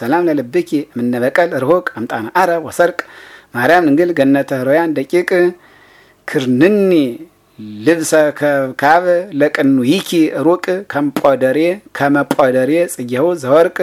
ሰላም ለልብኪ ምነበቀል ርሆቅ አምጣነ አረብ ወሰርቅ ማርያም እንግል ገነተ ሮያን ደቂቅ ክርንኒ ልብሰ ከብካብ ይኪ ሩቅ ከምጶደሬ ከመጶደሬ ጽጌው ዘወርቅ